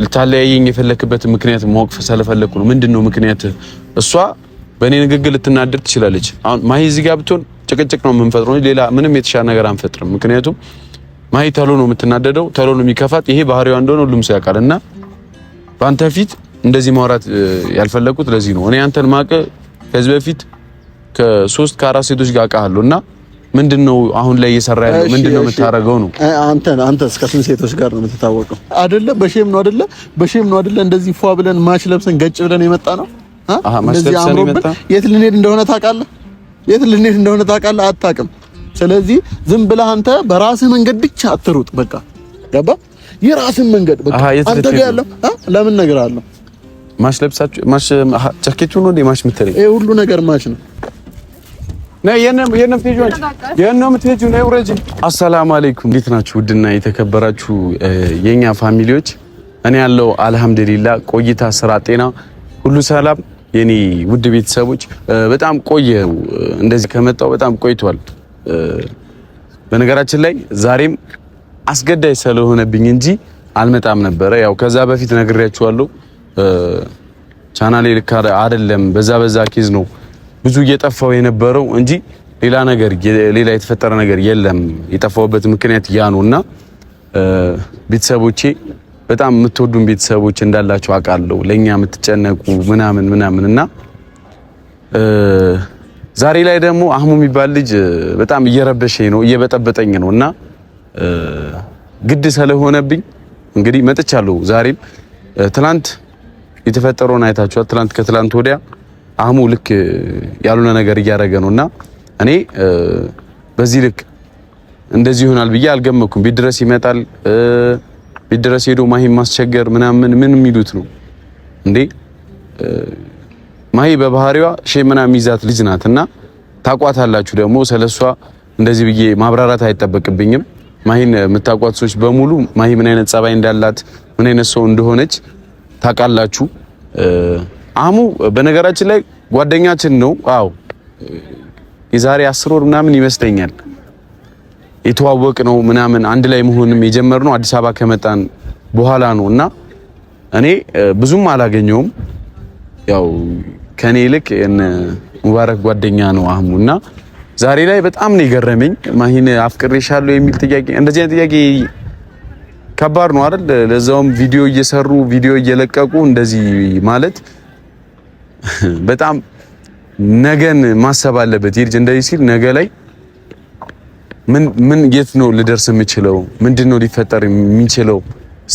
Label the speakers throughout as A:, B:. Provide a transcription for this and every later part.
A: ልታለያየኝ የፈለክበት ምክንያት ማወቅ ስለፈለኩ ነው። ምንድን ነው ምክንያት? እሷ በእኔ ንግግር ልትናደድ ትችላለች። አሁን ማሂ እዚህ ጋር ብትሆን ጭቅጭቅ ነው የምንፈጥረው፣ ሌላ ምንም የተሻለ ነገር አንፈጥርም። ምክንያቱም ማሂ ተሎ ነው የምትናደደው፣ ተሎ ነው የሚከፋት። ይሄ ባህሪዋ እንደሆነ ሁሉም ሰው ያውቃል። እና በአንተ ፊት እንደዚህ ማውራት ያልፈለኩት ለዚህ ነው። እኔ አንተን ማቀ ከዚህ በፊት ከሶስት ከአራት ሴቶች ጋር አውቃለሁ እና ምንድን ነው አሁን ላይ እየሰራ ያለው? ምንድን ነው የምታረገው? ነው አንተ አንተ እስከ ስንት ሴቶች ጋር ነው የምትታወቀው? አይደለ? በሼም ነው አይደለ? በሼም ነው አይደለ? እንደዚህ ፏ ብለን ማች ለብሰን ገጭ ብለን የመጣ ነው። አሃ እንደዚህ አምሮብን የት ልንሄድ እንደሆነ ታውቃለህ? የት ልንሄድ እንደሆነ ታውቃለህ? አታውቅም። ስለዚህ ዝም ብለህ አንተ በራስህ መንገድ ብቻ አትሩጥ። በቃ ገባ? የራስህን መንገድ በቃ አንተ ጋር ያለው ለምን ነገር አለው ማሽ ለብሳችሁ ማሽ ጃኬቱ ነው ማሽ የምትለኝ ይሄ ሁሉ ነገር ማሽ ነው አሰላሙ አለይኩም እንዴት ናችሁ? ውድና የተከበራችሁ የኛ ፋሚሊዎች፣ እኔ ያለው አልሐምዱሊላ ቆይታ፣ ስራ፣ ጤና ሁሉ ሰላም። የኔ ውድ ቤተሰቦች በጣም ቆየ፣ እንደዚህ ከመጣው በጣም ቆይቷል። በነገራችን ላይ ዛሬም አስገዳይ ስለሆነብኝ እንጂ አልመጣም ነበረ። ያው ከዛ በፊት ነግሬያችኋለሁ፣ ቻናሌ ልክ አይደለም፣ በዛ በዛ ኬዝ ነው ብዙ እየጠፋው የነበረው እንጂ ሌላ ነገር ሌላ የተፈጠረ ነገር የለም። የጠፋውበት ምክንያት ያ ነው እና ቤተሰቦቼ በጣም የምትወዱን ቤተሰቦች እንዳላቸው አውቃለሁ። ለኛ የምትጨነቁ ምናምን ምናምን እና ዛሬ ላይ ደግሞ አህሙ የሚባል ልጅ በጣም እየረበሸኝ ነው እየበጠበጠኝ ነው እና ግድ ስለሆነብኝ እንግዲህ መጥቻለሁ። ዛሬም ትላንት የተፈጠረውን አይታችኋል። ትላንት ከትላንት ወዲያ አህሙ ልክ ያልሆነ ነገር እያደረገ ነው እና እኔ በዚህ ልክ እንደዚህ ይሆናል ብዬ አልገመኩም። ቤት ድረስ ይመጣል፣ ቤት ድረስ ሄዶ ማሂ ማስቸገር ምናምን ምን የሚሉት ነው እንዴ? ማሂ በባህሪዋ ሼ ምናምን ይዛት ልጅ ናት እና ታቋታላችሁ። ደግሞ ስለሷ እንደዚህ ብዬ ማብራራት አይጠበቅብኝም። ማሂን የምታቋት ሰዎች በሙሉ ማሂ ምን አይነት ጸባይ እንዳላት ምን አይነት ሰው እንደሆነች ታውቃላችሁ። አሙ በነገራችን ላይ ጓደኛችን ነው። አዎ የዛሬ አስር ወር ምናምን ይመስለኛል የተዋወቅ ነው ምናምን አንድ ላይ መሆንም የጀመርነው አዲስ አበባ ከመጣን በኋላ ነው እና እኔ ብዙም አላገኘውም። ያው ከኔ ይልቅ ሙባረክ ጓደኛ ነው አህሙ እና ዛሬ ላይ በጣም ነው የገረመኝ። ማሂን አፍቅሬሻለሁ የሚል ጥያቄ እንደዚህ አይነት ጥያቄ ከባድ ነው አይደል? ለዛውም ቪዲዮ እየሰሩ ቪዲዮ እየለቀቁ እንደዚህ ማለት በጣም ነገን ማሰብ አለበት። ይርጅ እንደዚህ ሲል ነገ ላይ ምን ምን የት ነው ልደርስ የምችለው ምንድን ነው ሊፈጠር የሚችለው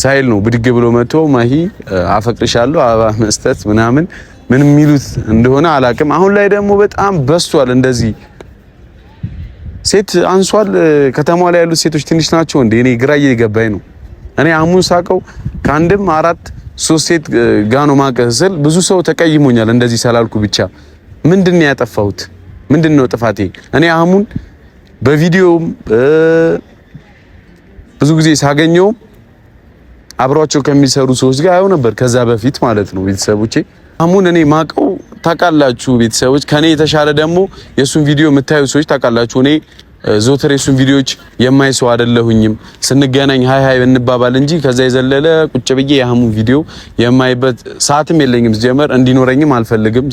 A: ሳይል ነው ብድግ ብሎ መጥቶ ማሂ አፈቅርሻለሁ አበባ መስጠት ምናምን ምን የሚሉት እንደሆነ አላቅም። አሁን ላይ ደግሞ በጣም በስቷል። እንደዚህ ሴት አንሷል። ከተማ ላይ ያሉት ሴቶች ትንሽ ናቸው እንዴ? እኔ ግራ እየገባኝ ነው። እኔ አሙን ሳቀው ከአንድም አራት ሶስት ሴት ጋኖ ማቀህ ስል ብዙ ሰው ተቀይሞኛል እንደዚህ ሰላልኩ ብቻ። ምንድን ነው ያጠፋሁት? ምንድን ነው ጥፋቴ? እኔ አህሙን በቪዲዮም ብዙ ጊዜ ሳገኘው አብሯቸው ከሚሰሩ ሰዎች ጋር አየው ነበር ከዛ በፊት ማለት ነው። ቤተሰቦቼ አህሙን እኔ ማቀው ታውቃላችሁ። ቤተሰቦች ከኔ የተሻለ ደግሞ የእሱን ቪዲዮ የምታዩ ሰዎች ታውቃላችሁ። እኔ ዞትር የሱን ቪዲዮዎች የማይ ሰው አይደለሁኝም። ስንገናኝ ሀይ ሀይ እንባባል እንጂ ከዛ የዘለለ ቁጭ ብዬ የሀሙ ቪዲዮ የማይበት ሰዓትም የለኝም። ሲጀመር እንዲኖረኝም አልፈልግም።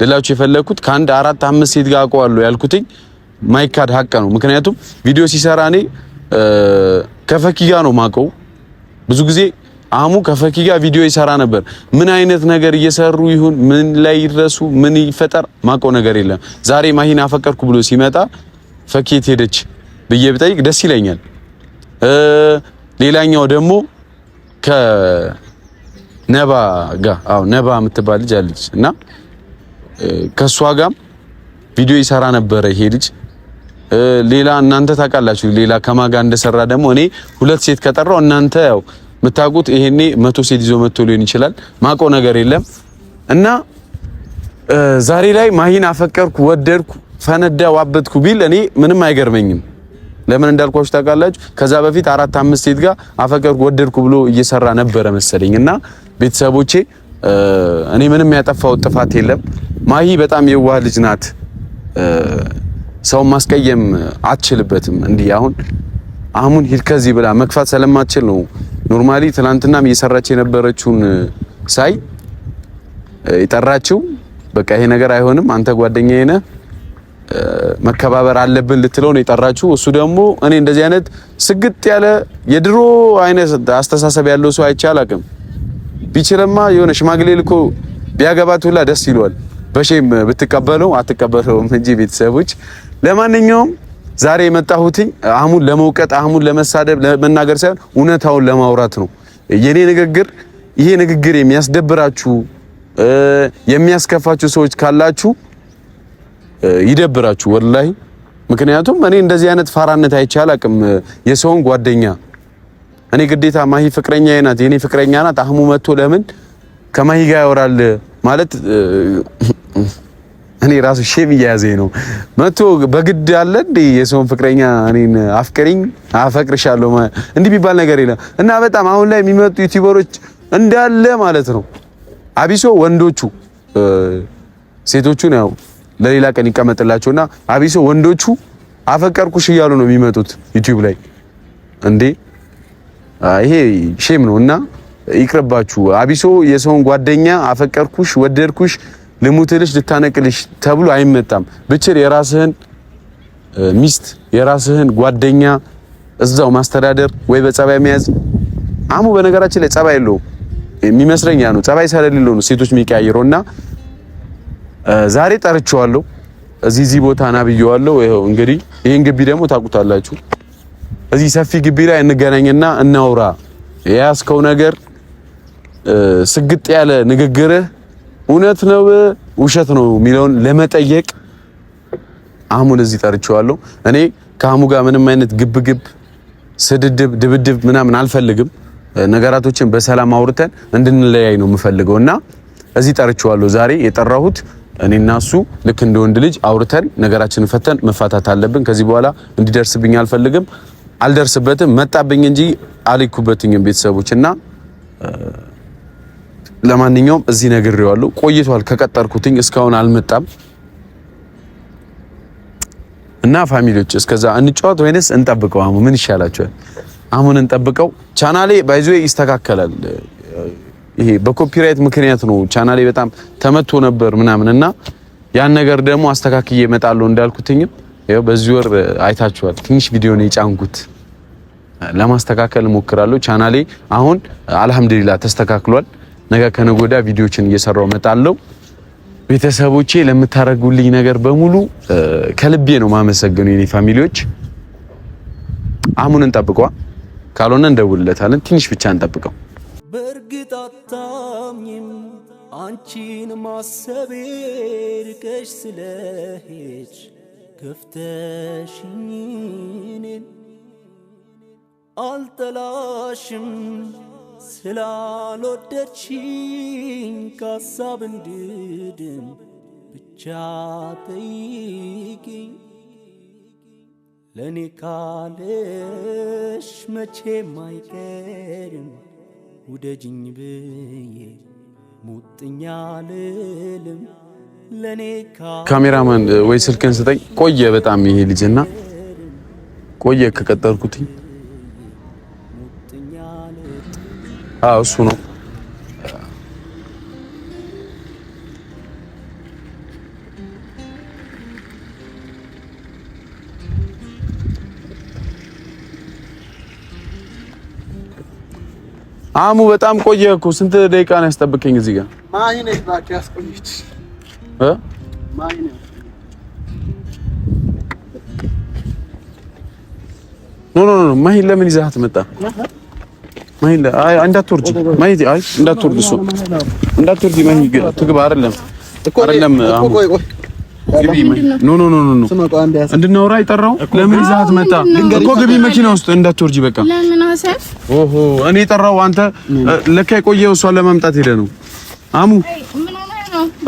A: ልላችሁ የፈለግኩት ከአንድ አራት አምስት ሴት ጋር አውቀዋለሁ ያልኩትኝ ማይካድ ሀቅ ነው። ምክንያቱም ቪዲዮ ሲሰራ እኔ ከፈኪ ጋር ነው ማቀው ብዙ ጊዜ አሙ ከፈኪ ጋር ቪዲዮ ይሰራ ነበር። ምን አይነት ነገር እየሰሩ ይሁን ምን ላይ ይድረሱ ምን ይፈጠር ማቀው ነገር የለም። ዛሬ ማሂን አፈቀርኩ ብሎ ሲመጣ ፈኬት ሄደች ብዬ ብጠይቅ ደስ ይለኛል። ሌላኛው ደግሞ ከነባ ጋር አዎ ነባ የምትባል ልጅ አለች እና ከእሷ ጋም ቪዲዮ ይሰራ ነበረ ይሄ ልጅ። ሌላ እናንተ ታውቃላችሁ፣ ሌላ ከማጋ እንደሰራ ደግሞ እኔ ሁለት ሴት ከጠራው እናንተ ያው የምታውቁት ይሄኔ መቶ ሴት ይዞ መቶ ሊሆን ይችላል። ማቆ ነገር የለም እና ዛሬ ላይ ማሂን አፈቀርኩ ወደድኩ ፈነዳ ዋበትኩ ቢል እኔ ምንም አይገርመኝም። ለምን እንዳልኳችሁ ታውቃላችሁ? ከዛ በፊት አራት አምስት ሴት ጋር አፈቀርኩ ወደድኩ ብሎ እየሰራ ነበረ መሰለኝ። እና ቤተሰቦቼ እኔ ምንም ያጠፋው ጥፋት የለም። ማሂ በጣም የዋህ ልጅ ናት። ሰውን ማስቀየም አትችልበትም። እንዲህ አሁን አሁን ሂድ ከዚህ ብላ መግፋት ስለማትችል ነው። ኖርማሊ ትናንትናም እየሰራች የነበረችውን ሳይ የጠራችው በቃ ይሄ ነገር አይሆንም አንተ ጓደኛዬ ነህ መከባበር አለብን ልትለው ነው የጠራችሁ። እሱ ደግሞ እኔ እንደዚህ አይነት ስግጥ ያለ የድሮ አይነት አስተሳሰብ ያለው ሰው አይቼ አላውቅም። ቢችልማ የሆነ ሽማግሌ ልኮ ቢያገባት ሁላ ደስ ይለዋል። በሼም ብትቀበለው አትቀበለውም እንጂ ቤተሰቦች። ለማንኛውም ዛሬ የመጣሁትኝ አህሙን ለመውቀጥ አህሙን ለመሳደብ ለመናገር ሳይሆን እውነታውን ለማውራት ነው። የኔ ንግግር ይሄ ንግግር የሚያስደብራችሁ የሚያስከፋችሁ ሰዎች ካላችሁ ይደብራችሁ ወላሂ። ምክንያቱም እኔ እንደዚህ አይነት ፋራነት አይቼ አላቅም። የሰውን ጓደኛ እኔ ግዴታ ማሂ ፍቅረኛ ናት የኔ ፍቅረኛ ናት አህሙ መጥቶ ለምን ከማሂ ጋር ያወራል ማለት እኔ ራሱ ሼም እየያዘኝ ነው። መቶ በግድ አለ እንዴ የሰውን ፍቅረኛ እኔን አፍቅሪኝ አፈቅርሻለሁ እንዲህ ቢባል ነገር የለም። እና በጣም አሁን ላይ የሚመጡ ዩቲዩበሮች እንዳለ ማለት ነው አቢሶ ወንዶቹ ሴቶቹን ያው ለሌላ ቀን ይቀመጥላቸውና አቢሶ ወንዶቹ አፈቀርኩሽ እያሉ ነው የሚመጡት ዩቲዩብ ላይ እንዴ! ይሄ ሼም ነው እና ይቅርባችሁ። አቢሶ የሰውን ጓደኛ አፈቀርኩሽ፣ ወደድኩሽ፣ ልሙትልሽ፣ ልታነቅልሽ ተብሎ አይመጣም። ብችር የራስህን ሚስት የራስህን ጓደኛ እዛው ማስተዳደር ወይ በጸባይ መያዝ። አሙ በነገራችን ላይ ጸባይ የለውም የሚመስለኝ ያ ነው። ጸባይ ስለሌለው ነው ሴቶች የሚቀያየረውና ዛሬ ጠርቼዋለሁ። እዚህ እዚህ ቦታ ና ብዬዋለሁ። ይኸው እንግዲህ ይሄን ግቢ ደግሞ ታውቁታላችሁ። እዚህ ሰፊ ግቢ ላይ እንገናኝና እናውራ። የያዝከው ነገር ስግጥ ያለ ንግግርህ እውነት ነው ውሸት ነው የሚለውን ለመጠየቅ አህሙን እዚህ ጠርቼዋለሁ። እኔ ከአህሙ ጋር ምንም አይነት ግብግብ፣ ስድድብ፣ ድብድብ ምናምን አልፈልግም። ነገራቶችን በሰላም አውርተን እንድንለያይ ነው የምፈልገው እና እዚህ ጠርቼዋለሁ ዛሬ የጠራሁት እኔና እሱ ልክ እንደ ወንድ ልጅ አውርተን ነገራችንን ፈተን መፋታት አለብን። ከዚህ በኋላ እንዲደርስብኝ አልፈልግም። አልደርስበትም። መጣብኝ እንጂ አልኩበትኝም። ቤተሰቦች እና ለማንኛውም እዚህ ነግሬዋለሁ። ቆይቷል ከቀጠርኩትኝ እስካሁን አልመጣም። እና ፋሚሊዎች እስከዛ እንጫወት ወይንስ እንጠብቀው? አሁን ምን ይሻላችኋል? አሁን እንጠብቀው። ቻናሌ ባይዞ ይስተካከላል። ይሄ በኮፒራይት ምክንያት ነው ቻናሌ በጣም ተመቶ ነበር ምናምን እና ያን ነገር ደግሞ አስተካክዬ እመጣለሁ እንዳልኩትኝም ያው በዚህ ወር አይታችኋል። ትንሽ ቪዲዮ ነው የጫንኩት ለማስተካከል እሞክራለሁ። ቻናሌ አሁን አልሐምዱሊላ ተስተካክሏል። ነገ ከነጎዳ ቪዲዮችን እየሰራው እመጣለሁ። ቤተሰቦቼ ለምታደርጉልኝ ነገር በሙሉ ከልቤ ነው ማመሰግነው። የኔ ፋሚሊዎች አሁን እንጠብቀዋ፣ ካልሆነ እንደውልለታለን። ትንሽ ብቻ እንጠብቀው። በእርግጥ አታምኝም አንቺን ማሰቤ ርቀሽ ስለሄች ከፍተሽኝ እኔን አልጠላሽም ስላልወደድሽኝ ከሀሳብ እንድድን ብቻ ጠይቂኝ ለእኔ ካለሽ መቼም አይቀርም ውደጅኝ ብዬ ሙጥኛ ልልም ለኔ ካሜራማን ወይ ስልክን ስጠኝ። ቆየ በጣም ይሄ ልጅና ቆየ ከቀጠርኩትኝ እሱ ነው። አሙ በጣም ቆየህ እኮ ስንት ደቂቃ ነው ያስጠብቀኝ እዚህ ጋር? ባክ እ ኖ ኖ ኖ ማሂን ለምን ይዘሃት መጣ? ለ አይ እንዳትወርጂ፣ ማሂን አይ እንዳትወርጂ፣ እሱ እንዳትወርጂ ማሂን ትግባ አይደለም አይደለም ቆይ ቆይ ኖ ኖ ኖ ኖ እንድናወራ የጠራው ለምን ይዛት መጣ እኮ ግቢ መኪና ውስጥ እንዳትወርጂ በቃ ኦሆ እኔ የጠራው አንተ ለካ የቆየው እሷን ለማምጣት ሄደ ነው አሙ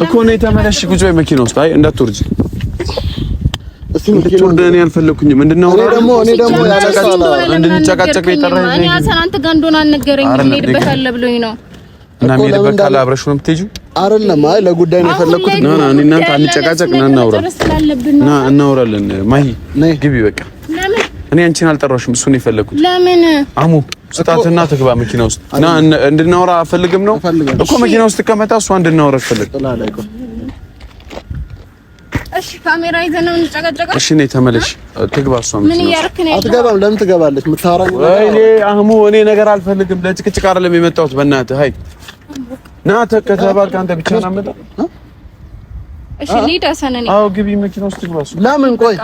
A: እኮ እኔ ተመለሽ ቁጭ በይ መኪና ውስጥ አይ እንዳትወርጂ እንድንጨቃጨቅ ነው አይደለም። አይ ለጉዳይ ነው የፈለኩት። ና ና፣ እናንተ አንጨቃጨቅ፣ ና እናውራ፣ ና እናውራለን። ማሂ ግቢ፣ በቃ እኔ አንቺን አልጠራሽም፣ እሱን የፈለኩት። ለምን አሙ ስጣትና ትግባ መኪና ውስጥ ና፣ እንድናውራ አፈልግም ነው እኮ መኪና ውስጥ ከመጣ እሷ እንድናወራ ፈልግ።
B: እሺ ካሜራ ይዘን ነው እንጨቃጨቃለን።
A: እሺ ነይ ተመለሽ፣ ትግባ። እሷ ምን እያደረክ ነው? አትገባም። ለምን ትገባለች? የምታወራኝ ወይኔ አህሙ፣ እኔ ነገር አልፈልግም። ለጭቅጭቅ አይደለም የመጣሁት። በእናትህ ሀይ ናተ ተከተባል። አንተ ብቻ ነው መጣ።
B: እሺ ሊዳ ሰነኔ
A: አዎ፣ ግቢ መኪና ውስጥ ግባ። እሱ ለምን ቆይ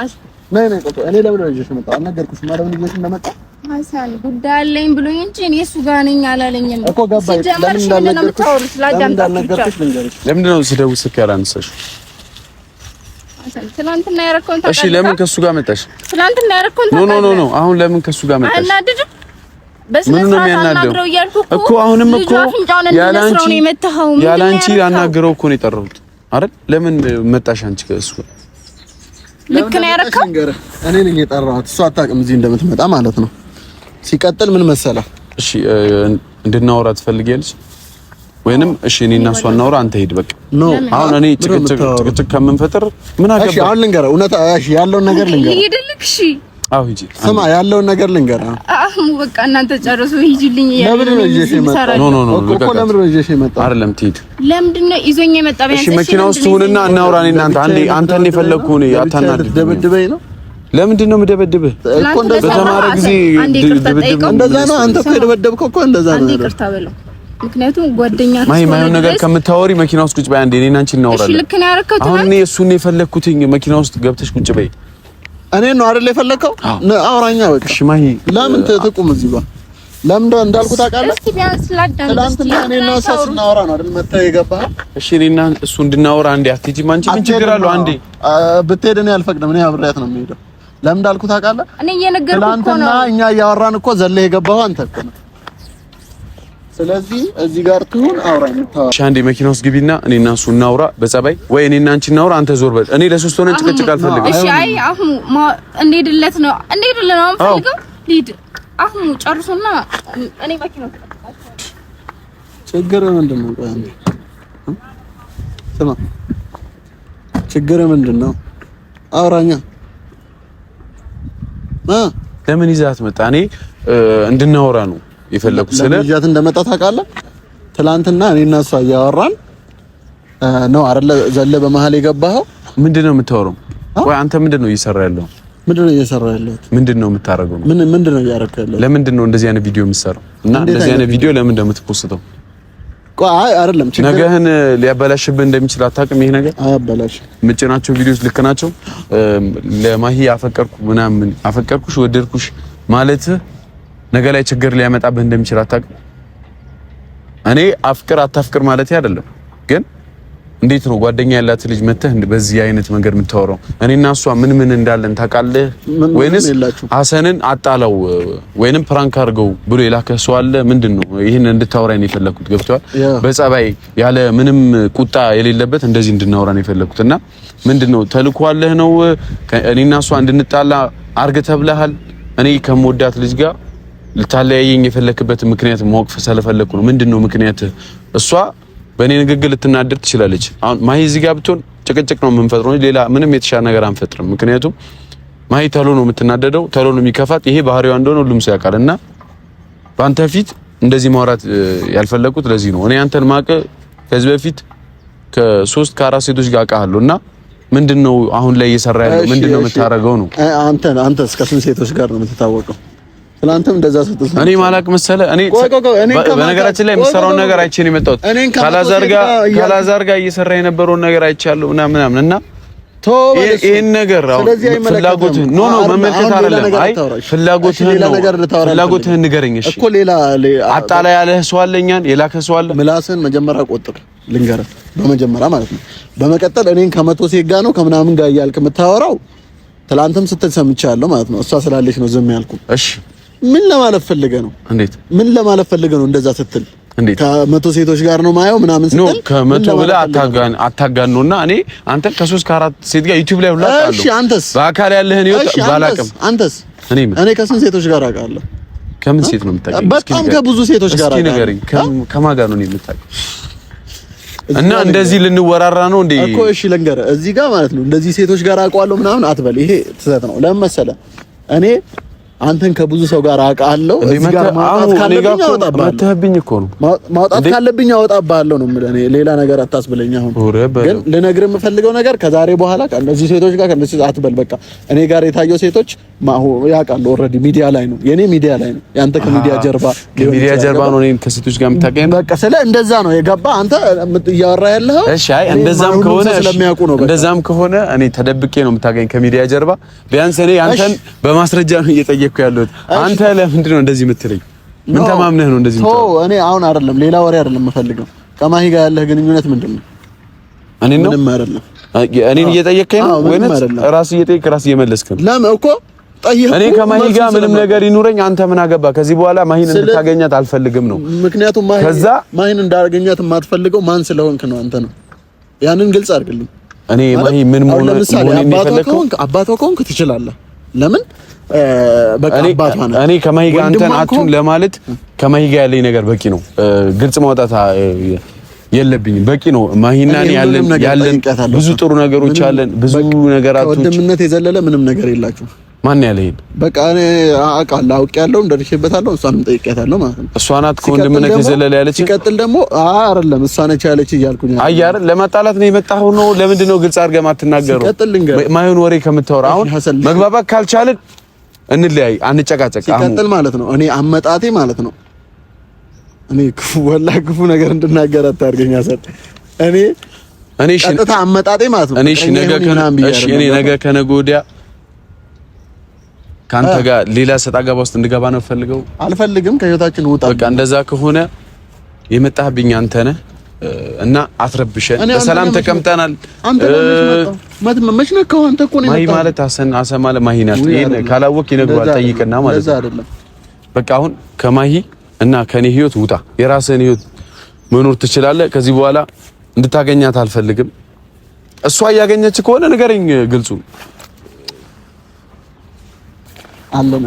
A: ነይ ነይ፣ ቆይ እኔ ለምን ልጅሽ መጣ አልነገርኩሽም? ማለት ልጅሽ እንደመጣ
B: ሀሳን ጉዳይ አለኝ ብሎኝ እንጂ እኔ እሱ ጋር ነኝ አላለኝም እኮ ገባኝ። ለምን እንዳልነገርኩሽ እንዳልነገርኩሽ
A: ልንገርሽ። ለምንድን ነው ስደውል ስልክ ያላነሳሽ?
B: ትናንትና ያደረከውን
A: እሺ ለምን ከእሱ ጋር መጣሽ?
B: ትናንትና ያደረከውን
A: ታውቃለህ። ኖ ኖ ኖ፣ አሁን ለምን ከእሱ ጋር መጣሽ? አናድድም በስነስርዓት አናግረው እያልኩ እኮ አሁንም እኮ ያላንቺ ያላንቺ አናግረው እኮ ነው የጠራሁት አይደል? ለምን መጣሽ አንቺ? ከእሱ
B: ልክ ነው ያደረከው።
A: እኔ ነኝ የጠራኋት፣ እሱ አታውቅም እዚህ እንደምትመጣ ማለት ነው። ሲቀጥል ምን መሰለህ? እሺ እንድናወራ ትፈልጊያለሽ ወይንም እሺ እኔ እና እሷ እናውራ፣ አንተ ሂድ በቃ። ኖ አሁን እኔ ጭቅጭቅ ጭቅጭቅ ከምንፈጥር ምን አገባኝ? እሺ አሁን ልንገረው እውነት እሺ ያለውን ነገር ልንገረው። ልንገርህ አዎ ሂጂ። ስማ ያለውን ነገር ልንገርህ።
B: አሁን በቃ እናንተ ጨርሱ፣ ሂጂልኝ።
A: ለምንድን ነው ይዤሽ የመጣው? ኖ ኖ ኖ እኮ ለምንድን ነው ይዤሽ የመጣው? አይደለም ትሂድ።
B: ለምንድን ነው ይዞኝ የመጣው? እሺ
A: መኪና ውስጥ ሁንና እናውራ። እኔ እናንተ አንዴ አንተን የፈለግኩህ እኔ አታናድድ። ደብድበኝ ነው ለምንድን ነው የምደበድብህ? በተማረ ጊዜ ድብድብ እንደዛ ነው። አንተ እኮ የደበደብከው እኮ እንደዛ ነው።
B: ይቅርታ በለው። ምክንያቱም ጓደኛ
A: ማይ ማይሆን ነገር ከምታወሪ መኪና ውስጥ ቁጭ በይ። አንዴ እኔና አንቺ እናወራለን።
B: እሺ ልክ ነው ያደረከው።
A: አሁን እኔ እሱን የፈለግኩትኝ መኪና ውስጥ ገብተሽ ቁጭ በይ። እኔ ነው አይደል የፈለከው? አውራኛ በቃ እሺ። ለምን ትቁም እዚህ ጋር ለምን እንዳልኩ ታውቃለህ? እስኪ ቢያንስ ላዳምጥ። እኔና እሷ ስናወራ ነው አይደል መተህ የገባህ? እሺ እኔና እሱ እንድናወራ አንዴ አትሄጂም አንቺ? ምን ችግር አለው? አንዴ ብትሄድ እኔ አልፈቅድም። እኔ አብሬያት ነው የምሄደው። ለምን እንዳልኩ ታውቃለህ?
B: እኔ እየነገርኩህ
A: እኮ ነው። እኛ እያወራን እኮ ዘለህ የገባኸው አንተ እኮ ነው ስለዚህ እዚህ ጋር ትሁን አውራ እንታወራ። አንዴ መኪና ውስጥ ግቢና እኔ እና እሱ እናውራ በጸባይ ወይ እኔ እና አንቺ እናውራ። አንተ ዞር በል። እኔ ለሶስት ሆነን ጭቅጭቅ አልፈልግም።
B: እሺ። አይ አህሙ እንሂድለት ነው እንሂድለት ነው የምፈልገው። ሊድ አሁን ጨርሱና እኔ መኪና ውስጥ
A: ችግር ምንድን ነው? ቆይ አንዴ ስማ፣ ችግር ምንድን ነው? አውራኛ እ ለምን ይዛት መጣ? እኔ እንድናወራ ነው የፈለኩ ስለ ለምጃት እንደመጣ ታውቃለህ። ትናንትና እኔና እሷ እያወራን ነው አይደለ? ዘለ በመሀል የገባኸው ምንድነው የምታወራው? ቆይ አንተ ምንድነው እየሰራ ያለው? ምንድነው እየሰራ ያለው? ምንድነው የምታረገው? ምን ምንድነው እያደረግህ ያለው? ለምንድነው እንደዚህ አይነት ቪዲዮ የምትሰራው? እና እንደዚህ አይነት ቪዲዮ ለምን እንደምትፖስተው? ቆይ አይ አይደለም፣ ችግር ነገህን ሊያበላሽብህ እንደሚችል አታውቅም። ይሄ ነገር አያበላሽ። ምጭናቸው ቪዲዮዎች ልክ ናቸው። ለማሂ አፈቀርኩ ምናምን አፈቀርኩሽ ወደድኩሽ ማለት ነገ ላይ ችግር ሊያመጣብህ እንደሚችል አታውቅም። እኔ አፍቅር አታፍቅር ማለት አይደለም፣ ግን እንዴት ነው ጓደኛ ያላት ልጅ መተህ በዚህ አይነት መንገድ የምታወራው? እኔና እሷ ምን ምን እንዳለን ታውቃለህ? ወይንስ ሀሰንን አጣለው ወይንም ፕራንክ አድርገው ብሎ የላከ ሰው አለ? ምንድን ነው ይህን እንድታወራኝ የፈለግኩት። በጸባይ ያለ ምንም ቁጣ የሌለበት እንደዚህ እንድናወራ ነው የፈለግኩት። እና ምንድን ነው ተልኳለህ ነው እኔና እሷ እንድንጣላ አርግ ተብለሃል? እኔ ከምወዳት ልጅ ጋር ልታለያየኝ የፈለክበት ምክንያት ማወቅ ስለፈለኩ ነው። ምንድን ነው ምክንያት? እሷ በእኔ ንግግር ልትናደድ ትችላለች። አሁን ማሂ እዚህ ጋር ብትሆን ጭቅጭቅ ነው የምንፈጥረው ሌላ ምንም የተሻለ ነገር አንፈጥርም። ምክንያቱም ማሂ ተሎ ነው የምትናደደው፣ ተሎ ነው የሚከፋት። ይሄ ባህሪዋ እንደሆነ ሁሉም ሰው ያውቃል። እና በአንተ ፊት እንደዚህ ማውራት ያልፈለኩት ለዚህ ነው። እኔ አንተን ማቀ ከዚህ በፊት ከሶስት ከአራት ሴቶች ጋር አውቃለሁ እና ምንድን ነው አሁን ላይ እየሰራ ያለው ምንድን ነው የምታረገው ነው። አንተ አንተ እስከ ስንት ሴቶች ጋር ነው የምትታወቀው? ትናንትም እንደዛ ሰጥተህ እኔ ማላቅ መሰለ። እኔ በነገራችን ላይ የምሰራውን ነገር አይቼ ነው የመጣሁት። ካላዛር ጋር እየሰራ የነበረውን ነገር አይቻለሁ እና ምናምን እና ይሄን ነገር አሁን ፍላጎት ኖ ኖ መመልከት አይደለም። አይ ፍላጎትህን ነው ፍላጎትህን ንገረኝ እሺ። እኮ ሌላ አጣላ ያለህ ሰው አለ፣ እኛን የላከህ ሰው አለ። ምላስህን መጀመሪያ ቆጥር ልንገርህ፣ በመጀመሪያ ማለት ነው። በመቀጠል እኔን ከመቶ ሴት ጋር ነው ከምናምን ጋር እያልክ የምታወራው። ትናንትም ስትል ሰምቻለሁ ማለት ነው። እሷ ስላለች ነው ዝም ያልኩ። እሺ ምን ለማለት ፈልገ ነው? እንዴት ምን ለማለት ፈልገ ነው እንደዛ ስትል ከመቶ ሴቶች ጋር ነው ማየው ምናምን ስትል ከመቶ ብለህ አታጋን አታጋን ነውና እኔ አንተ ከሶስት ከአራት ሴት ጋር ዩቲዩብ ላይ ሁላ አለው። እሺ አንተስ በአካል ያለህን ይወጣ ባላቅም አንተስ እኔ ምን እኔ ከስንት ሴቶች ጋር አውቃለሁ? ከምን ሴት ነው የምታውቀው? በጣም ከብዙ ሴቶች ጋር አውቃለሁ። እስኪ ንገረኝ፣ ከማን ጋር ነው የምታውቀው? እና እንደዚህ ልንወራራ ነው እንዴ? እኮ እሺ ልንገርህ፣ እዚህ ጋር ማለት ነው እንደዚህ ሴቶች ጋር አውቀዋለሁ ምናምን አትበል። ይሄ ትዘት ነው። ለምን መሰለህ እኔ አንተን ከብዙ ሰው ጋር አውቃለሁ። እዚህ ጋር ማውጣት ካለብኝ አወጣብሃለሁ ነው ካለብኝ ነው የምልህ። እኔ ሌላ ነገር አታስብለኝ። አሁን ግን ልነግርህ የምፈልገው ነገር ከዛሬ በኋላ ከእነዚህ ሴቶች ጋር ከእነዚህ አትበል። በቃ እኔ ጋር የታየው ሴቶች ማሁ ያውቃሉ። ኦልሬዲ ሚዲያ ላይ ነው፣ የኔ ሚዲያ ላይ ነው። ያንተ ከሚዲያ ጀርባ ከሚዲያ ጀርባ ነው እኔ ከሴቶች ጋር የምታገኝ። በቃ ስለ እንደዛ ነው የገባ አንተ እያወራህ ያለኸው። እሺ፣ አይ እንደዛም ከሆነ ስለሚያውቁ ነው። እንደዛም ከሆነ እኔ ተደብቄ ነው የምታገኝ ከሚዲያ ጀርባ። ቢያንስ እኔ አንተን በማስረጃ ነው እየጠየቀ እኮ ያለሁት አንተ ለምንድን ነው እንደዚህ የምትለኝ? ምን ተማምነህ ነው እንደዚህ ኦ እኔ አሁን አይደለም ሌላ ወሬ አይደለም የምፈልገው። ከማሂ ጋር ያለህ ግንኙነት ምንድን ነው? እኔ ነው ምንም አይደለም። እኔን እየጠየቅከኝ ነው ወይስ ራስ እየጠየቅ ራስ እየመለስክ ነው? ለምን እኮ እኔ ከማሂ ጋር ምንም ነገር ይኑረኝ፣ አንተ ምን አገባ? ከዚህ በኋላ ማሂን እንድታገኛት አልፈልግም ነው። ምክንያቱም ማሂ ከዛ ማሂን እንዳገኛት የማትፈልገው ማን ስለሆንክ ነው? አንተ ነው። ያንን ግልጽ አድርግልኝ። እኔ ማሂ ምን መሆን ነው? ለምሳሌ አባቷ ከሆንክ ትችላለህ ለምን እኔ ከማሂ ጋር አንተን አቱን ለማለት ከማሂ ጋር ያለኝ ነገር በቂ ነው። ግልጽ ማውጣት የለብኝም በቂ ነው። ማሂና ያለን ብዙ ጥሩ ነገሮች አለን። ብዙ ነገር አቱን ወንድምነት የዘለለ ምንም ነገር የላችሁ ማን ያለ ይሄን? በቃ እኔ አውቃለሁ፣ አውቄያለሁ፣ እንደርሼበታለሁ። እሷንም ጠይቄያታለሁ ማለት ነው። እሷ ናት ከወንድምነት ዘለለ ያለች። ሲቀጥል ደግሞ አይ አይደለም እሷ ነች ያለች እያልኩኝ አይ አይደል፣ ለመጣላት ነው የመጣኸው ነው? ለምንድን ነው ግልጽ አድርገህ የማትናገረው? ሲቀጥል ልንገርህ፣ ማይሆን ወሬ ከምታወራ አሁን መግባባት ካልቻልን እንለያይ፣ አንጨቃጨቅ። ሲቀጥል ማለት ነው እኔ አመጣቴ ማለት ነው እኔ ክፉ ወላ ክፉ ነገር እንድናገር አታርገኝ አሰል እኔ እኔ ቀጥታ አመጣጤ ማለት ነው። እኔ ነገ ከነገ ወዲያ ከአንተ ጋር ሌላ ሰጣ ገባ ውስጥ እንድገባ ነው ፈልገው አልፈልግም። ከህይወታችን ውጣ። በቃ እንደዛ ከሆነ የመጣህብኝ አንተ ነህ እና አትረብሸን። በሰላም ተቀምጠናል። አንተ መች ነካው? አንተ ነው ማለት አሰን አሰማለ ማሂ ናት። ይሄን ካላወቅ ይነግሯል። ጠይቅና ማለት ነው። በቃ አሁን ከማሂ እና ከኔ ህይወት ውጣ። የራስህን ህይወት መኖር ትችላለህ። ከዚህ በኋላ እንድታገኛት አልፈልግም። እሷ እያገኘች ከሆነ ንገረኝ ግልጹ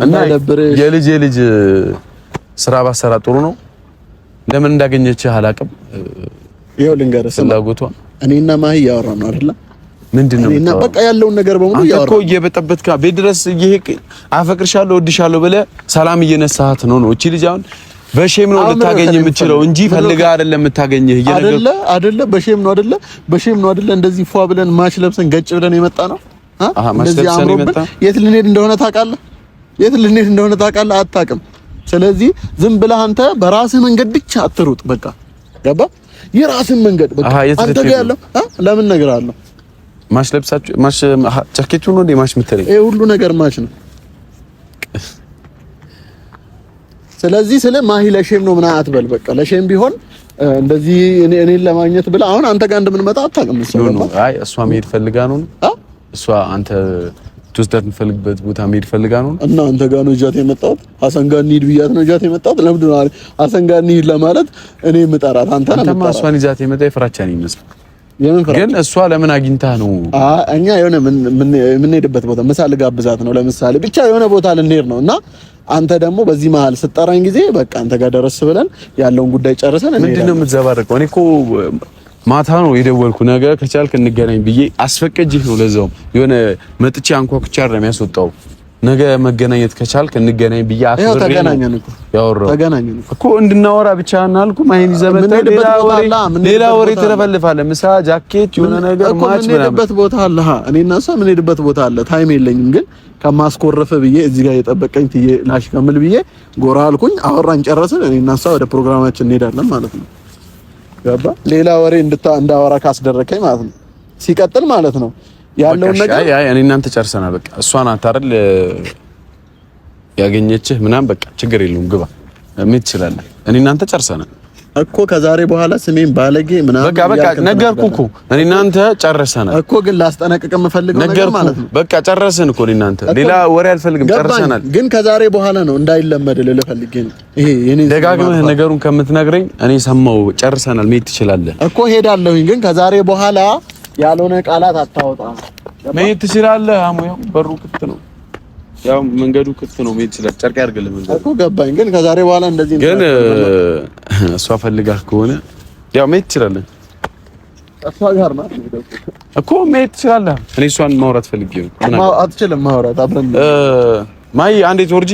A: እና የልጅ የልጅ ስራ ባሰራ ጥሩ ነው። ለምን እንዳገኘች አላውቅም። ይኸው ልንገርህ ፍላጎቷ እኔና ማሂ እያወራን ነው አይደለ? ምንድን ነው እና በቃ ያለውን ነገር በሙሉ እያወራን እኮ እየበጠበትካ ቤት ድረስ እየሄድክ አፈቅርሻለሁ፣ እወድሻለሁ ብለህ ሰላም እየነሳሃት ነው ነው። እቺ ልጅ አሁን በሼም ነው ልታገኝ የምትችለው እንጂ ፈልጋ አይደለም የምታገኝህ። አይደለ አይደለ? በሼም ነው አይደለ? በሼም ነው አይደለ? እንደዚህ ፏ ብለን ማች ለብሰን ገጭ ብለን የመጣ ነው። አሃ ማች ለብሰን የመጣ የት ልንሄድ እንደሆነ ታውቃለህ? የት ልንሄድ እንደሆነ ታውቃለህ? አታውቅም። ስለዚህ ዝም ብለህ አንተ በራስህ መንገድ ብቻ አትሩጥ። በቃ ገባ? የራስህን መንገድ በቃ አንተ ጋር ያለው ለምን ነገር አለ? ማሽ ለብሳችሁ ማሽ ጃኬቱ ነው እንዴ? ማሽ የምትለኝ ይሄ ሁሉ ነገር ማሽ ነው። ስለዚህ ስለ ማሂ ለሼም ነው ምናምን አትበል። በቃ ለሼም ቢሆን እንደዚህ እኔ እኔን ለማግኘት ብላ አሁን አንተ ጋር እንደምንመጣ አታውቅም። ነው አይ እሷ መሄድ ፈልጋ ነው እሷ አንተ ትወስዳት እንፈልግበት ቦታ መሄድ ፈልጋ ነው እና አንተ ጋር ነው እጃት የመጣሁት። ሀሰን ጋር እንሂድ ብያት ነው እጃት የመጣሁት። ለምንድን ነው ሀሰን ጋር እንሂድ ለማለት እኔ የምጠራት አንተ ነው አንተማ እሷን ይዛት የመጣ የፍራቻ ነው የሚመስለው። ግን እሷ ለምን አግኝታ ነው? እኛ የሆነ የምንሄድበት ቦታ ምሳ ልጋብዛት ነው ለምሳሌ፣ ብቻ የሆነ ቦታ ልንሄድ ነው እና አንተ ደግሞ በዚህ መሀል ስጠራኝ ጊዜ በቃ አንተ ጋር ደረስ ብለን ያለውን ጉዳይ ጨርሰን ምንድን ነው የምትዘባርቀው? እኔ እኮ ማታ ነው የደወልኩ ነገር ከቻልክ እንገናኝ ብዬ አስፈቀጅህ ነው። ለዛውም የሆነ መጥቼ አንኳኩቻ ነው የሚያስወጣው። ነገ መገናኘት ከቻልክ እንገናኝ ብዬ አክብሬ ተገናኘን እኮ ያወራው ተገናኘን እኮ እንድናወራ ብቻ እናልኩ። ማይን ይዘበተ ሌላ ወሬ ሌላ ወሬ ትለፈልፋለህ። ምሳ ጃኬት የሆነ ነገር ማች ምን ሄድበት ቦታ አለ። እኔ እና እሷ ምን ሄድበት ቦታ አለ። ታይም የለኝም ግን ከማስኮረፈ ብዬ እዚህ ጋር የጠበቀኝ ትዬ ላሽ ከምል ብዬ ጎራ አልኩኝ። አወራን ጨረስን። እኔ እና እሷ ወደ ፕሮግራማችን እንሄዳለን ማለት ነው። ገባ ሌላ ወሬ እንድታ እንዳወራ ካስደረከኝ ማለት ነው። ሲቀጥል ማለት ነው ያለውን ነገር አይ እኔ እናንተ ጨርሰናል። በቃ እሷን አታርል ያገኘችህ ምናምን በቃ ችግር የለውም ግባ፣ ምን ትችላለህ? እኔ እናንተ ጨርሰናል። እኮ ከዛሬ በኋላ ስሜን ባለጌ ምናምን በቃ በቃ ነገርኩ እኮ እኔ እናንተ ጨርሰናል እኮ ግን ላስጠነቅቅ የምፈልገው ነገር ማለት ነው። በቃ ጨረስን እኮ እኔ እናንተ ሌላ ወሬ አልፈልግም፣ ጨርሰናል። ግን ከዛሬ በኋላ ነው እንዳይለመድ ልልህ ፈልጌ ነው። ይሄ የኔ ደጋግመህ ነገሩን ከምትነግረኝ እኔ ሰማው፣ ጨርሰናል፣ መሄድ ትችላለህ እኮ ሄዳለሁኝ። ግን ከዛሬ በኋላ ያልሆነ ቃላት አታወጣ መሄድ ትችላለህ። አሙያው በሩ ክፍት ነው። ያው መንገዱ ክፍት ነው። ቤት ስለ ጨርቅ ያድርግልህ መንገዱ እኮ ገባኝ። ግን ከዛሬ በኋላ እንደዚህ ግን እሷ ፈልጋህ ከሆነ ያው መሄድ ትችላለህ እኮ መሄድ ትችላለህ። እኔ እሷን ማውራት ፈልጌ ነው። አትችልም ማውራት አብረን እ ማይ አንዴ ጆርጂ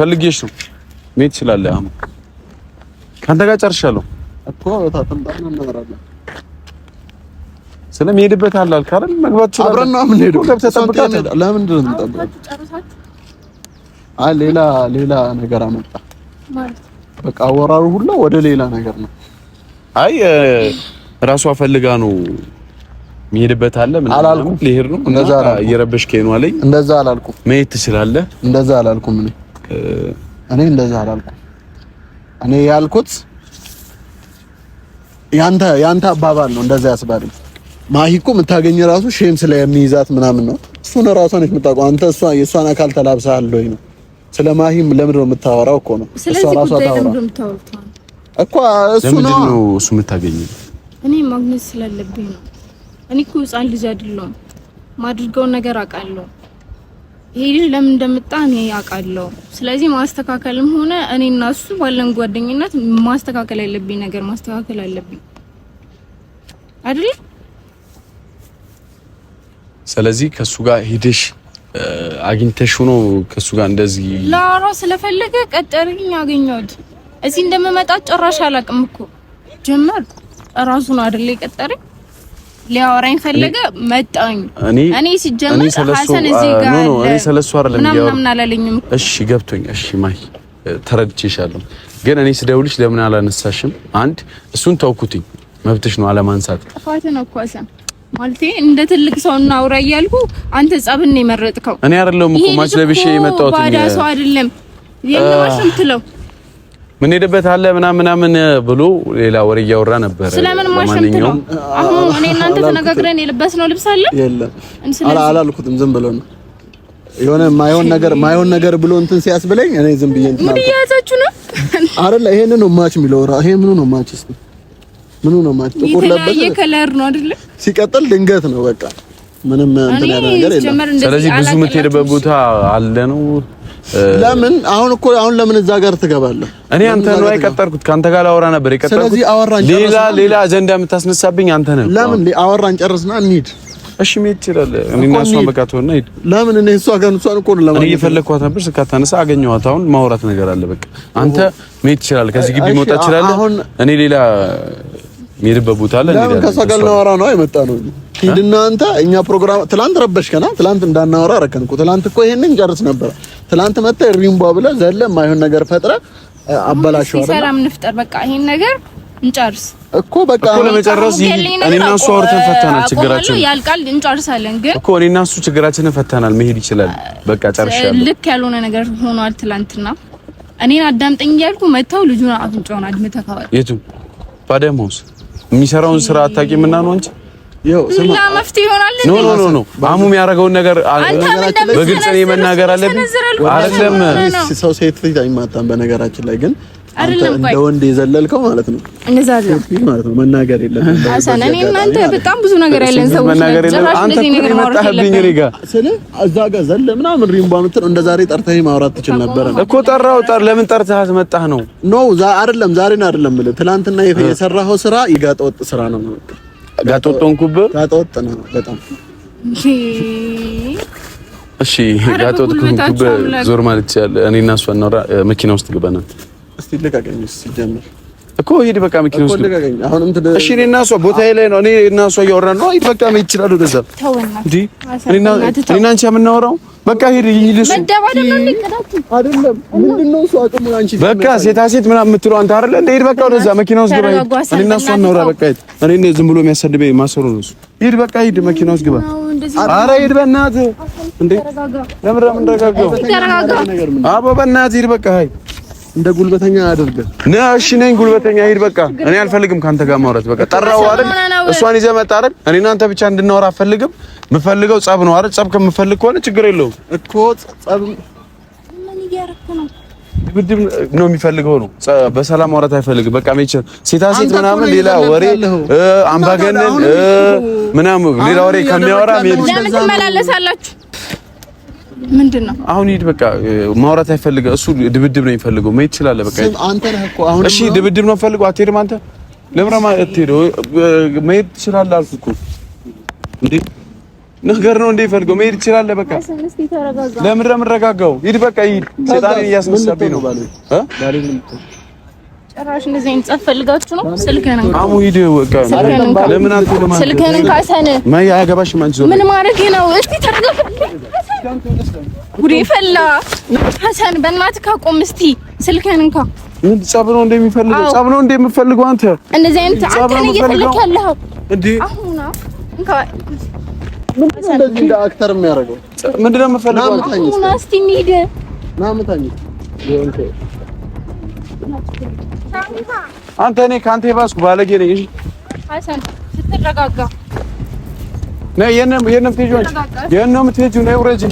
A: ፈልጌሽ ነው። መሄድ ትችላለህ። አሁን ከአንተ ጋር ጨርሻለሁ እኮ ታጥምጣና እናወራለን ስለሚሄድበት አላልክ አይደል? መግባት ይችላል። አብረን ነው የምንሄደው። ለምንድን ነው የምጠብቃት? አይ ሌላ ሌላ ነገር አመጣ ማለት በቃ አወራሩ ሁሉ ወደ ሌላ ነገር ነው። አይ ራሷ ፈልጋ ነው የሚሄድበት አለ ምን አላልኩም። ሊሄድ ነው እንደዛ አላልኩም። እየረበሽ ከሄኑ አለኝ። እንደዛ አላልኩም። መሄድ ትችላለህ። እንደዛ አላልኩም። ምን እኔ እንደዛ አላልኩም። እኔ ያልኩት ያንተ ያንተ አባባል ነው እንደዛ ያስባለኝ ማሂ እኮ የምታገኝ ራሱ ሼም ስለሚይዛት ምናምን ነው። እሱን ራሷ ነች የምታውቀው። አንተ እሷ የእሷን አካል ተላብሰሃል ወይ ነው። ስለ ማሂም ለምንድን ነው የምታወራው? እኮ ነው እሷ ራሷ ታወራ እኮ እሱ ነው ነው እሱ የምታገኝ እኔ ማግኘት ስላለብኝ ነው። እኔ እኮ ህፃን ልጅ አይደለሁም። ማድርገውን ነገር አውቃለሁ። ይሄ ልጅ ለምን እንደመጣ እኔ አውቃለሁ። ስለዚህ ማስተካከልም ሆነ እኔ እና እሱ ባለን ጓደኝነት ማስተካከል ያለብኝ ነገር ማስተካከል አለብኝ አይደል? ስለዚህ ከሱ ጋር ሄደሽ አግኝተሽ ሆኖ ከሱ ጋር እንደዚህ ላወራ ስለፈለገ ቀጠርኝ። አገኘሁት። እዚህ እንደምመጣ ጭራሽ አላውቅም እኮ ጀመር ራሱ ነው አይደል የቀጠረኝ። ሊያወራኝ ፈለገ መጣኝ። እኔ እኔ ሲጀመር ሐሰን እዚህ ጋር ነው ነው እኔ ስለሱ አይደለም ያወራ ምናምን አላለኝም። እሺ ገብቶኝ። እሺ ማይ ተረድቼሻለሁ። ግን እኔ ስደውልሽ ለምን አላነሳሽም? አንድ እሱን ተውኩትኝ። መብትሽ ነው አለማንሳት። ጥፋት ነው እኮ ሐሰን ማለቴ እንደ ትልቅ ሰው እናውራ እያልኩ አንተ ጸብን ነው የመረጥከው። እኔ አይደለም እኮ ማች ለብሼ የመጣሁት ባዳ ሰው አይደለም የነዋሽም ትለው ምን ሄደበት አለ ምናምን ምናምን ብሎ ሌላ ወሬ እያወራ ነበር። ስለምን ማሽም ትለው አሁን እኔ እናንተ ተነጋግረን የለበስነው ልብስ አለ የለም አላልኩትም። ዝም ብሎ ነው የሆነ ማይሆን ነገር ማይሆን ነገር ብሎ እንትን ሲያስብለኝ እኔ ዝም ብዬ እንትን አለ። ሙድ እየያዛችሁ ነው አይደለ? ይሄንን ነው ማች የሚለው ይሄ ምኑ ነው ማች ነው ምኑ ነው ማለት ጥቁር ለበሰ የከለር ነው አይደለ? ሲቀጥል ድንገት ነው በቃ ምንም እንትን ያለ ነገር የለም። ስለዚህ ብዙ የምትሄድበት ቦታ አለ ነው። ለምን አሁን እኮ አሁን ለምን እዛ ጋር ትገባለህ? እኔ አንተ ነው አይቀጠርኩት ካንተ ጋር አወራ ነበር የቀጠርኩት። ስለዚህ አወራን ጨርስና ሌላ ሌላ አጀንዳ የምታስነሳብኝ አንተ ነህ። ለምን አወራን ጨርስና እንሂድ። እሺ መሄድ ይችላል። እኔ እና እሷ በቃ ትሆንና ሂድ። ለምን እኔ እሷ ጋር እሷን እኮ ለማለት እኔ እየፈለግኳት ነበር፣ ስካታነሳ አታነሳ። አገኘኋት። አሁን ማውራት ነገር አለ። በቃ አንተ መሄድ ይችላል። ከዚህ ግቢ መውጣት ትችላለህ። እኔ ሌላ የሚሄድበት ቦታ አለ። ለምን ከእሷ ጋር ልናወራ ነው የመጣ ነው። ሂድና አንተ እኛ ፕሮግራም ትላንት ረበሽከና፣ ትላንት እንዳናወራ ረከን እኮ ትላንት እኮ ይሄንን ጨርስ ነበር። ትላንት መጣ ሪምቧ ብለህ ዘለህ ማይሆን ነገር ፈጥረህ አበላሽው። ሰላም እንፍጠር በቃ ይሄን ነገር እንጨርስ እኮ በቃ እኮ ለመጨረስ እኔና እሱ አውርተን ፈተናል። ችግራችን ያልቃል፣ እንጨርሳለን። ግን እኮ እኔና እሱ ችግራችንን ፈተናል። መሄድ ይችላል። በቃ ጨርሻለሁ። ልክ ያልሆነ ነገር ሆኗል። ትላንትና እኔን አዳምጠኝ እያልኩ መተው ልጁን አፍንጫውን አድምተህ ካወራህ የቱ ታዲያ የሚሰራውን ስራ አታውቂም እና ነው አንቺ መፍትሄ ይሆናል። ኖ ኖ አሙ የሚያደርገውን ነገር በግልጽ መናገር አለብኝ። አይደለም ሰው ሴት ልጅ በነገራችን ላይ ግን አይደለም ወንድ የዘለልከው ማለት ነው እንደዛ ነው መናገር የለብህም በጣም ብዙ ነገር ያለን ሰዎች እንደ ዛሬ ጠርተህ ማውራት ትችል ነበረ እኮ ጠራው ጠር ለምን መጣህ ነው ኖ አይደለም ዛሬን አይደለም የምልህ ትናንትና የሰራኸው ስራ የጋጠ ስራ ነው ሆንኩብህ ነው በጣም እሺ ሆንኩብህ ዞር ማለት እኔ እና እሷ እናውራ መኪና ውስጥ እስቲ ልቀቀኝ። ሲጀምር እኮ ይሄ በቃ መኪና ውስጥ ልቀቀኝ። አሁንም ትደ እሺ፣ እኔ እና እሷ ቦታዬ ላይ ነው። እኔ እና እሷ እያወራን ነው። በቃ መሄድ ይችላል። ወደዛ እንዴ፣ እኔና እኔና አንቺ የምናወራው በቃ ሄድ ይልሱ አይደለም። ምንድነው እሱ አቅሙን አንቺ በቃ ሴታ ሴት ምናምን የምትለው አንተ አይደለ እንዴ? ሄድ በቃ ወደዛ መኪና ውስጥ ግባ። እኔ እና እሷ እናውራ በቃ። እኔ እኔ ዝም ብሎ የሚያሰድበኝ ማሰሩ ነው እሱ። ሄድ በቃ ሄድ፣ መኪና ውስጥ ግባ። ኧረ ሄድ በእናትህ። እንዴ ለምን ለምን ደጋጋው? አቦ በእናትህ ሄድ በቃ ሀይ እንደ ጉልበተኛ አድርገህ ነህ። እሺ ነኝ ጉልበተኛ፣ ሂድ በቃ። እኔ አልፈልግም ካንተ ጋር ማውራት። በቃ ጠራው አይደል? እሷን ይዘህ መጣ አይደል? እኔ እናንተ ብቻ እንድናወራ አልፈልግም። የምፈልገው ጸብ ነው አይደል? ጸብ ከምፈልግ ከሆነ ችግር የለውም እኮ ጸብ ድብድብ ነው የሚፈልገው ነው። በሰላም ማውራት አይፈልግም። በቃ ሜቸር ሴታ ሴት ምናምን ሌላ ወሬ አምባገነን ምናምን ሌላ ወሬ ከሚያወራ ምን ትመላለሳላችሁ ምንድን ነው አሁን? ሂድ በቃ ማውራት አይፈልገ እሱ ድብድብ ነው የሚፈልገው። መሄድ ይችላል በቃ አንተ ነህ እኮ አሁን። እሺ ድብድብ ነው ፈልገው። አትሄድም አንተ ለምራማ አትሄደው። መሄድ ትችላለህ አልኩህ እኮ እንዴ። ንገር ነው እንደ ይፈልገው። መሄድ ትችላለህ። በቃ ለምን ረምረጋጋው? ሂድ በቃ ሂድ። ሰይጣን እያስመሰለኝ ነው እ ጭራሽ እንደዚህ አይነት ጻፍ ፈልጋችሁ ነው? ስልክህን አሙ ሂድ በቃ ለምን አንተ ለማን ስልክህን ካሰነ ማያ ያገባሽ ማን ይዞ ምን ማድረግ ነው? እስቲ ተረጋጋ። ጉዴ ፈላ። ሀሰን በእናትህ ካቆም እስቲ ስልክህን እንካ። ምን ጸብ ነው እንደሚፈልገው ጸብ ነው እንደምፈልገው አንተ እንደዚህ አይነት አንተ ነው እየፈለክ ያለኸው እንዴ? አሁን እንካ ምንድነው እንደዚህ እንደ አክተር የሚያደርገው ምንድነው የምፈልገው? አንተ እኔ ከአንተ የባስኩ ባለጌ ነኝ። እሺ ስትረጋጋ ነው የነም የነም ትሄጂው የነም ትሄጂው ነው ውረጂ